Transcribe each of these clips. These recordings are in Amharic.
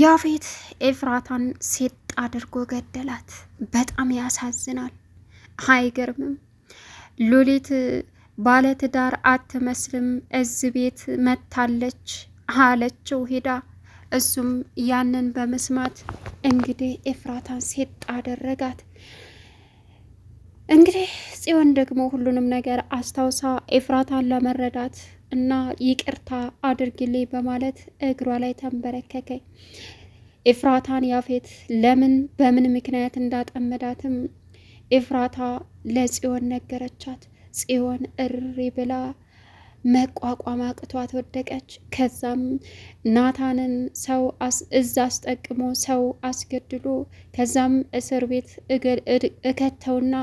ያፌት ኤፍራታን ሴት አድርጎ ገደላት። በጣም ያሳዝናል። አይገርምም? ሉሊት ባለትዳር አትመስልም እዚህ ቤት መታለች አለችው ሄዳ። እሱም ያንን በመስማት እንግዲህ ኤፍራታን ሴት አደረጋት። እንግዲህ ጽዮን ደግሞ ሁሉንም ነገር አስታውሳ ኤፍራታን ለመረዳት እና ይቅርታ አድርግልኝ በማለት እግሯ ላይ ተንበረከከ። ኤፍራታን ያፌት ለምን በምን ምክንያት እንዳጠመዳትም ኤፍራታ ለጽዮን ነገረቻት። ጽዮን እሪ ብላ መቋቋም አቅቷት ወደቀች። ከዛም ናታንን ሰው እዛ አስጠቅሞ ሰው አስገድሎ ከዛም እስር ቤት እከተውና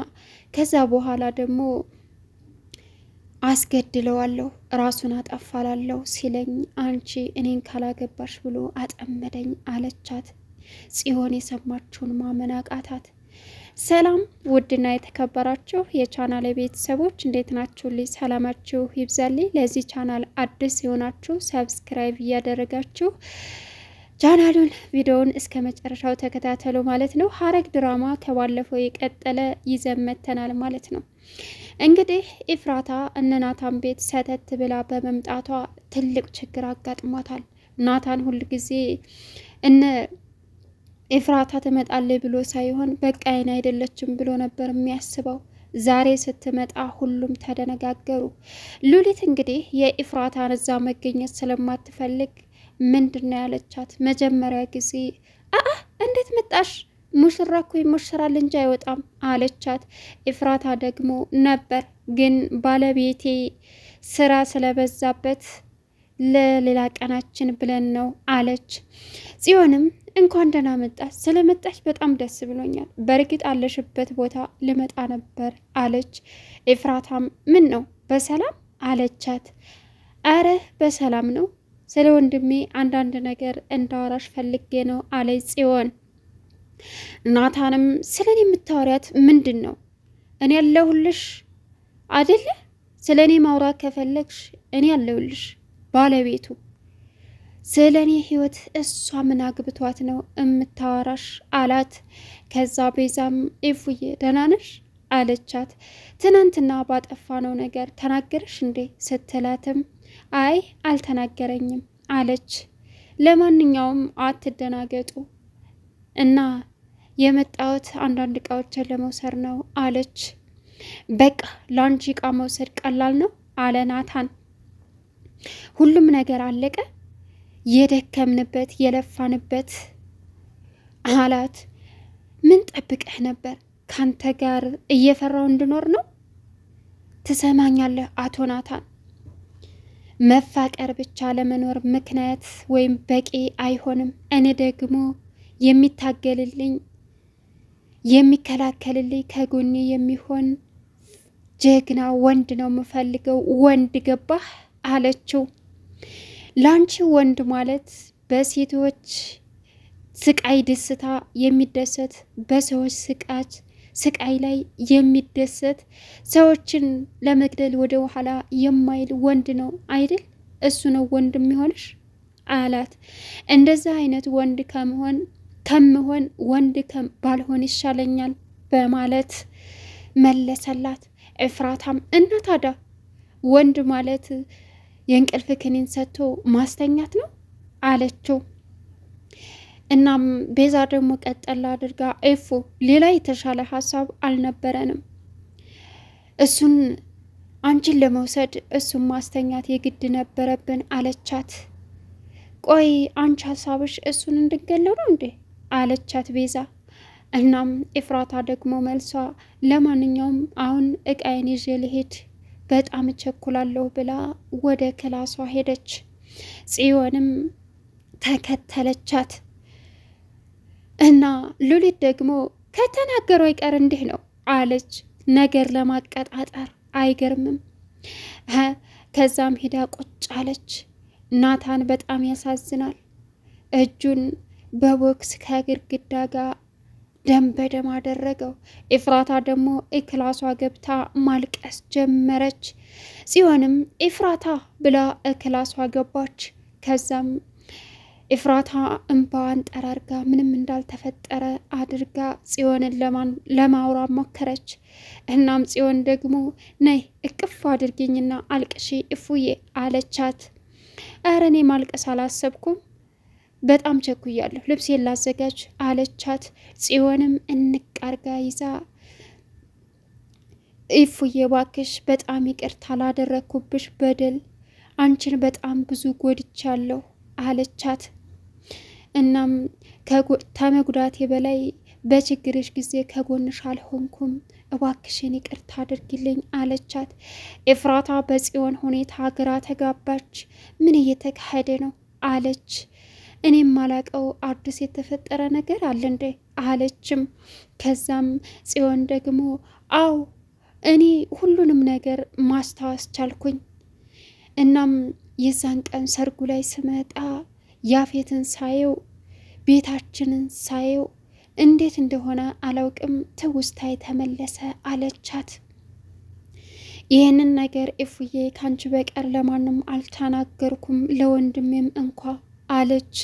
ከዛ በኋላ ደግሞ አስገድለዋለሁ ራሱን አጠፋላለሁ ሲለኝ አንቺ እኔን ካላገባሽ ብሎ አጠመደኝ አለቻት። ጽዮን የሰማችውን ማመን አቃታት። ሰላም ውድና የተከበራችሁ የቻናል ቤተሰቦች እንዴት ናችሁ? ልጅ ሰላማችሁ ይብዛልኝ። ለዚህ ቻናል አዲስ የሆናችሁ ሰብስክራይብ እያደረጋችሁ ቻናሉን ቪዲዮውን እስከ መጨረሻው ተከታተሉ ማለት ነው። ሐረግ ድራማ ከባለፈው የቀጠለ ይዘመተናል ማለት ነው። እንግዲህ ኢፍራታ እነ ናታን ቤት ሰተት ብላ በመምጣቷ ትልቅ ችግር አጋጥሟታል። ናታን ሁልጊዜ እነ ኤፍራታ ትመጣለች ብሎ ሳይሆን በቃ አይን አይደለችም ብሎ ነበር የሚያስበው። ዛሬ ስትመጣ ሁሉም ተደነጋገሩ። ሉሊት እንግዲህ የኤፍራታን እዛ መገኘት ስለማትፈልግ ምንድን ነው ያለቻት? መጀመሪያ ጊዜ አአ እንዴት መጣሽ? ሙሽራ እኮ እንጂ አይወጣም አለቻት። ኤፍራታ ደግሞ ነበር ግን ባለቤቴ ስራ ስለበዛበት ለሌላ ቀናችን ብለን ነው አለች። ጽዮንም እንኳን ደህና መጣች ስለመጣች በጣም ደስ ብሎኛል። በእርግጥ አለሽበት ቦታ ልመጣ ነበር አለች። ኤፍራታም ምን ነው በሰላም አለቻት። አረ በሰላም ነው፣ ስለ ወንድሜ አንዳንድ ነገር እንዳወራሽ ፈልጌ ነው አለች ጽዮን። ናታንም ስለ እኔ የምታወሪያት ምንድን ነው? እኔ ያለሁልሽ አደለ? ስለ እኔ ማውራት ከፈለግሽ እኔ ያለሁልሽ ባለቤቱ ስለ እኔ ህይወት እሷ ምን አግብቷት ነው እምታወራሽ? አላት። ከዛ ቤዛም ኤፉዬ ደህና ነሽ አለቻት። ትናንትና ባጠፋነው ነገር ተናገረሽ እንዴ ስትላትም አይ አልተናገረኝም አለች። ለማንኛውም አትደናገጡ እና የመጣሁት አንዳንድ እቃዎችን ለመውሰድ ነው አለች። በቃ ለአንቺ እቃ መውሰድ ቀላል ነው አለ ናታን። ሁሉም ነገር አለቀ። የደከምንበት የለፋንበት አላት። ምን ጠብቀህ ነበር? ካንተ ጋር እየፈራው እንድኖር ነው? ትሰማኛለህ አቶ ናታን፣ መፋቀር ብቻ ለመኖር ምክንያት ወይም በቂ አይሆንም። እኔ ደግሞ የሚታገልልኝ የሚከላከልልኝ ከጎኔ የሚሆን ጀግና ወንድ ነው የምፈልገው። ወንድ ገባህ? አለችው። ላንቺ ወንድ ማለት በሴቶች ስቃይ ደስታ የሚደሰት በሰዎች ስቃች ስቃይ ላይ የሚደሰት ሰዎችን ለመግደል ወደ ኋላ የማይል ወንድ ነው አይደል? እሱ ነው ወንድ የሚሆንሽ አላት። እንደዛ አይነት ወንድ ከመሆን ከምሆን ወንድ ባልሆን ይሻለኛል በማለት መለሰላት። ኤፍራታም እና ታዲያ ወንድ ማለት የእንቅልፍ ክኒን ሰጥቶ ማስተኛት ነው አለችው። እናም ቤዛ ደግሞ ቀጠላ አድርጋ ኤፎ ሌላ የተሻለ ሀሳብ አልነበረንም እሱን አንቺን ለመውሰድ እሱን ማስተኛት የግድ ነበረብን አለቻት። ቆይ አንቺ ሀሳብሽ እሱን እንድገለው ነው እንዴ አለቻት ቤዛ። እናም ኤፍራታ ደግሞ መልሷ ለማንኛውም አሁን እቃዬን ይዤ ልሄድ በጣም እቸኩላለሁ ብላ ወደ ክላሷ ሄደች። ጽዮንም ተከተለቻት እና ሉሊት ደግሞ ከተናገሩ አይቀር እንዲህ ነው አለች፣ ነገር ለማቀጣጠር አይገርምም። ከዛም ሄዳ ቁጭ አለች። ናታን በጣም ያሳዝናል። እጁን በቦክስ ከግድግዳ ጋር ደም በደም አደረገው። ኤፍራታ ደግሞ እክላሷ ገብታ ማልቀስ ጀመረች። ጽዮንም ኤፍራታ ብላ እክላሷ ገባች። ከዛም ኤፍራታ እንባዋን ጠራርጋ ምንም እንዳልተፈጠረ አድርጋ ጽዮንን ለማውራ ሞከረች። እናም ጽዮን ደግሞ ነይ እቅፍ አድርጊኝና አልቅሺ እፉዬ አለቻት። እረ እኔ ማልቀስ አላሰብኩም በጣም ቸኩያለሁ፣ ልብሴን ላዘጋጅ አለቻት። ጽዮንም እንቃርጋ ይዛ ኢፉዬ ባክሽ በጣም ይቅርታ ላደረግኩብሽ በደል አንቺን በጣም ብዙ ጎድቻለሁ አለቻት። እናም ከመጉዳቴ በላይ በችግርሽ ጊዜ ከጎንሽ አልሆንኩም፣ እባክሽን ይቅርታ አድርጊልኝ አለቻት። ኤፍራታ በጽዮን ሁኔታ ግራ ተጋባች። ምን እየተካሄደ ነው አለች። እኔም ማላቀው አዲስ የተፈጠረ ነገር አለ እንዴ አለችም። ከዛም ጽዮን ደግሞ አው እኔ ሁሉንም ነገር ማስታወስ ቻልኩኝ። እናም የዛን ቀን ሰርጉ ላይ ስመጣ ያፌትን ሳየው ቤታችንን ሳየው እንዴት እንደሆነ አላውቅም፣ ትውስታይ ተመለሰ አለቻት። ይህንን ነገር እፉዬ ካንቺ በቀር ለማንም አልተናገርኩም፣ ለወንድሜም እንኳ አለች።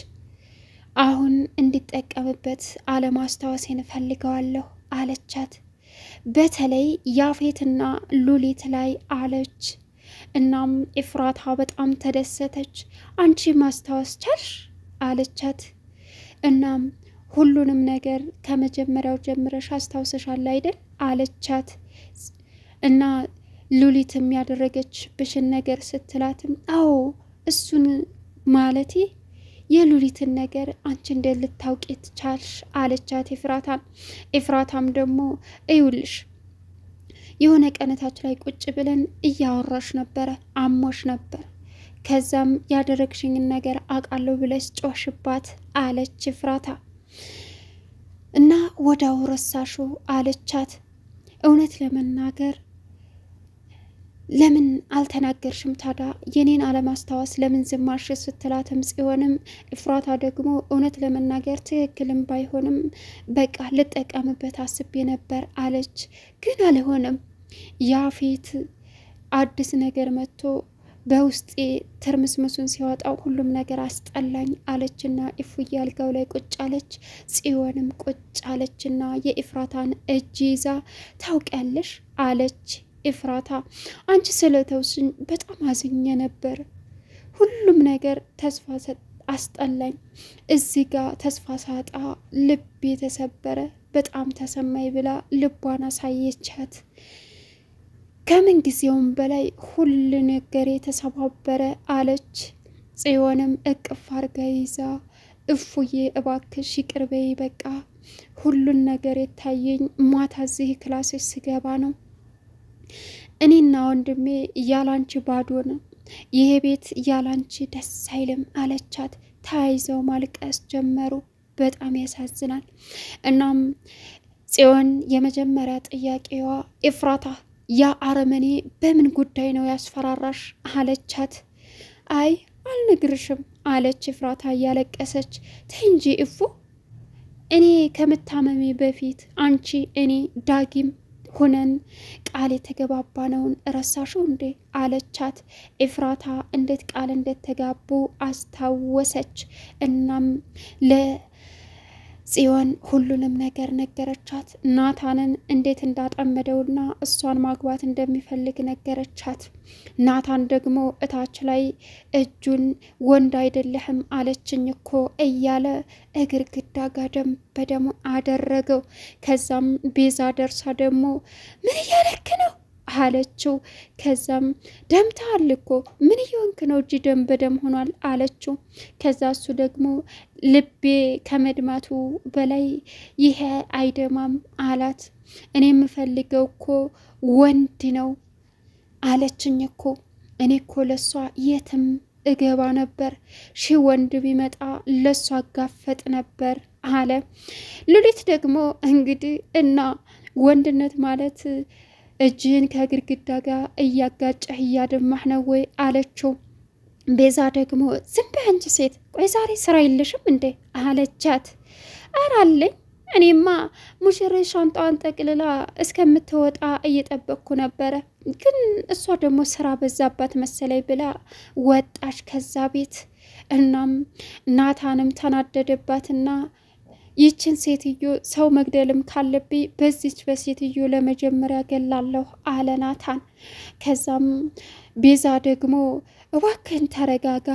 አሁን እንዲጠቀምበት አለማስታወሴን እፈልገዋለሁ አለቻት። በተለይ ያፌትና ሉሊት ላይ አለች። እናም ኤፍራታ በጣም ተደሰተች። አንቺ ማስታወስ ቻልሽ አለቻት። እናም ሁሉንም ነገር ከመጀመሪያው ጀምረሽ አስታውሰሻል አይደል አለቻት። እና ሉሊትም ያደረገች ብሽን ነገር ስትላትም አዎ እሱን ማለቴ የሉሊትን ነገር አንቺ እንደ ልታውቂ ትቻልሽ አለቻት ኤፍራታን። ኤፍራታም ደግሞ እዩልሽ የሆነ ቀነታች ላይ ቁጭ ብለን እያወራሽ ነበረ፣ አሞሽ ነበር ከዛም ያደረግሽኝን ነገር አውቃለሁ ብለሽ ጮሽባት አለች ኤፍራታ እና ወዳው ረሳሹ አለቻት። እውነት ለመናገር ለምን አልተናገርሽም ታዳ የኔን አለማስታወስ ለምን ዝማሽ ስትላትም ጽዮንም እፍራታ ደግሞ እውነት ለመናገር ትክክልም ባይሆንም በቃ ልጠቀምበት አስቤ ነበር አለች። ግን አልሆነም። ያፌት አዲስ ነገር መጥቶ በውስጤ ትርምስምሱን ሲያወጣው ሁሉም ነገር አስጠላኝ አለችና ኢፉዬ አልጋው ላይ ቁጭ አለች። ጽዮንም ቁጭ አለችና የኢፍራታን እጅ ይዛ ታውቂያለሽ አለች ኤፍራታ አንቺ ስለተውሽኝ በጣም አዝኜ ነበር። ሁሉም ነገር ተስፋ አስጠላኝ። እዚህ ጋ ተስፋ ሳጣ ልብ የተሰበረ በጣም ተሰማኝ ብላ ልቧን አሳየቻት። ከምን ጊዜውም በላይ ሁሉ ነገር የተሰባበረ አለች። ጽዮንም እቅፍ አርጋ ይዛ እፉዬ እባክሽ ይቅር በቃ ሁሉን ነገር የታየኝ ማታ እዚህ ክላሶች ስገባ ነው እኔና ወንድሜ እያላንቺ ባዶ ነው፣ ይሄ ቤት እያላንቺ ደስ አይልም አለቻት። ተያይዘው ማልቀስ ጀመሩ። በጣም ያሳዝናል። እናም ጽዮን የመጀመሪያ ጥያቄዋ ኤፍራታ ያ አረመኔ በምን ጉዳይ ነው ያስፈራራሽ? አለቻት። አይ አልነግርሽም አለች ኤፍራታ እያለቀሰች። ተይ እንጂ እፎ እኔ ከምታመሜ በፊት አንቺ፣ እኔ፣ ዳጊም ሁነን ቃል የተገባባ ነውን ረሳሹ እንዴ አለቻት። ኤፍራታ እንዴት ቃል እንደተጋቡ አስታወሰች። እናም ለ ጽዮን ሁሉንም ነገር ነገረቻት። ናታንን እንዴት እንዳጠመደውና እሷን ማግባት እንደሚፈልግ ነገረቻት። ናታን ደግሞ እታች ላይ እጁን ወንድ አይደለህም አለችኝ እኮ እያለ እግር ግዳ ጋደም በደሞ አደረገው። ከዛም ቤዛ ደርሳ ደግሞ ምን እያለክ ነው አለችው። ከዛም ደምተሃል እኮ ምን እየሆንክ ነው? እጅ ደም በደም ሆኗል አለችው። ከዛ እሱ ደግሞ ልቤ ከመድማቱ በላይ ይሄ አይደማም አላት። እኔ የምፈልገው እኮ ወንድ ነው አለችኝ እኮ እኔ እኮ ለሷ የትም እገባ ነበር ሺ ወንድ ቢመጣ ለሷ አጋፈጥ ነበር አለ ሉሊት ደግሞ እንግዲህ እና ወንድነት ማለት እጅህን ከግድግዳ ጋር እያጋጨህ እያደማህ ነው ወይ አለችው። ቤዛ ደግሞ ዝም በይ አንቺ ሴት፣ ቆይ ዛሬ ስራ የለሽም እንዴ አለቻት። ኧረ አለኝ እኔማ ሙሽሬ ሻንጣዋን ጠቅልላ እስከምትወጣ እየጠበቅኩ ነበረ፣ ግን እሷ ደግሞ ስራ በዛባት መሰለኝ ብላ ወጣች ከዛ ቤት። እናም ናታንም ተናደደባትና ይችን ሴትዮ ሰው መግደልም ካለብኝ በዚች በሴትዮ ለመጀመሪያ ገላለሁ አለ ናታን። ከዛም ቤዛ ደግሞ እባክህን ተረጋጋ፣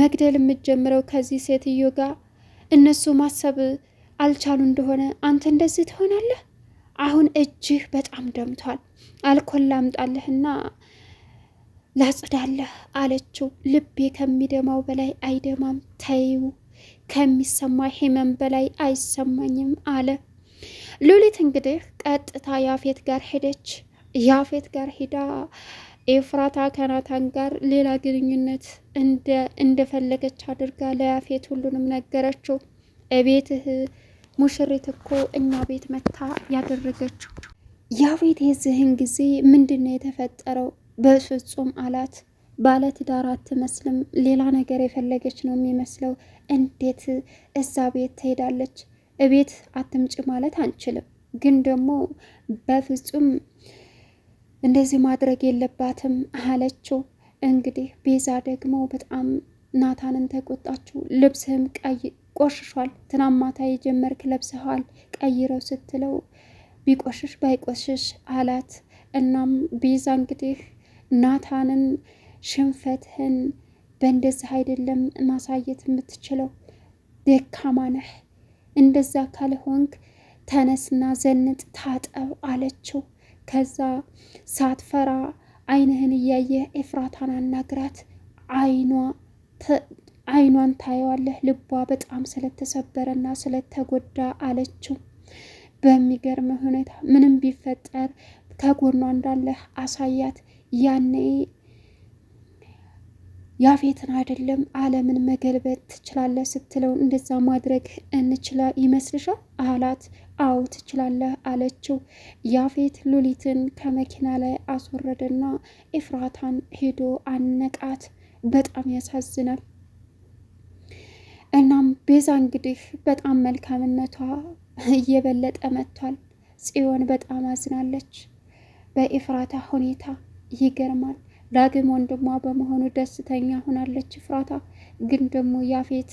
መግደል የምጀምረው ከዚህ ሴትዮ ጋር እነሱ ማሰብ አልቻሉ እንደሆነ አንተ እንደዚህ ትሆናለህ። አሁን እጅህ በጣም ደምቷል፣ አልኮል ላምጣልህና ላጽዳለህ አለችው። ልቤ ከሚደማው በላይ አይደማም፣ ተይው ከሚሰማ ህመም በላይ አይሰማኝም አለ። ሉሊት እንግዲህ ቀጥታ ያፌት ጋር ሄደች። ያፌት ጋር ሄዳ ኤፍራታ ከናታን ጋር ሌላ ግንኙነት እንደፈለገች አድርጋ ለያፌት ሁሉንም ነገረችው። እቤትህ ሙሽሪት እኮ እኛ ቤት መታ ያደረገችው። ያፌት የዚህን ጊዜ ምንድን ነው የተፈጠረው? በፍጹም አላት ባለትዳር አትመስልም፣ ሌላ ነገር የፈለገች ነው የሚመስለው። እንዴት እዛ ቤት ትሄዳለች? እቤት አትምጭ ማለት አንችልም፣ ግን ደግሞ በፍጹም እንደዚህ ማድረግ የለባትም አለችው። እንግዲህ ቤዛ ደግሞ በጣም ናታንን ተቆጣችው። ልብስህም ቀይ ቆሽሿል፣ ትናንት ማታ የጀመርክ ለብሰሃል፣ ቀይረው ስትለው ቢቆሽሽ ባይቆሽሽ አላት። እናም ቤዛ እንግዲህ ናታንን ሽንፈትህን በእንደዚህ አይደለም ማሳየት የምትችለው፣ ደካማ ነህ። እንደዛ ካልሆንክ ተነስና ዘንጥ ታጠብ አለችው። ከዛ ሳትፈራ አይንህን እያየ ኤፍራታን አናግራት። አይኗን ታየዋለህ፣ ልቧ በጣም ስለተሰበረና ስለተጎዳ አለችው። በሚገርም ሁኔታ ምንም ቢፈጠር ከጎኗ እንዳለህ አሳያት ያኔ ያፌትን አይደለም ዓለምን መገልበጥ ትችላለህ ስትለው እንደዛ ማድረግ እንችላ ይመስልሻል አላት። አዎ ትችላለህ አለችው። ያፌት ሉሊትን ከመኪና ላይ አስወረደና ኤፍራታን ሄዶ አነቃት። በጣም ያሳዝናል። እናም ቤዛ እንግዲህ በጣም መልካምነቷ እየበለጠ መጥቷል። ጽዮን በጣም አዝናለች በኤፍራታ ሁኔታ ይገርማል። ዳግም ወንድሟ በመሆኑ ደስተኛ ሆናለች። ፍራታ ግን ደግሞ ያፌት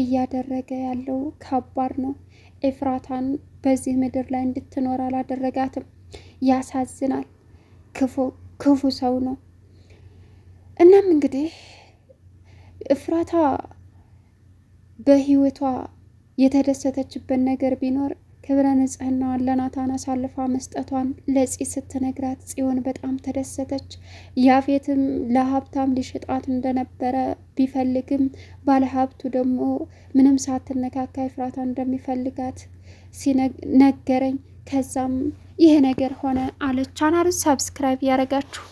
እያደረገ ያለው ከባድ ነው። ኤፍራታን በዚህ ምድር ላይ እንድትኖር አላደረጋትም። ያሳዝናል። ክፉ ክፉ ሰው ነው። እናም እንግዲህ እፍራታ በህይወቷ የተደሰተችበት ነገር ቢኖር ክብረ ንጽህናዋን ለናታን አሳልፋ መስጠቷን ለጺ ስትነግራት ጽዮን በጣም ተደሰተች። ያፌትም ለሀብታም ሊሸጣት እንደነበረ ቢፈልግም ባለሀብቱ ደግሞ ምንም ሳትነካካ ፍራታ እንደሚፈልጋት ሲነገረኝ ከዛም ይሄ ነገር ሆነ አለች። ቻናሉን ሰብስክራይብ ያደረጋችሁ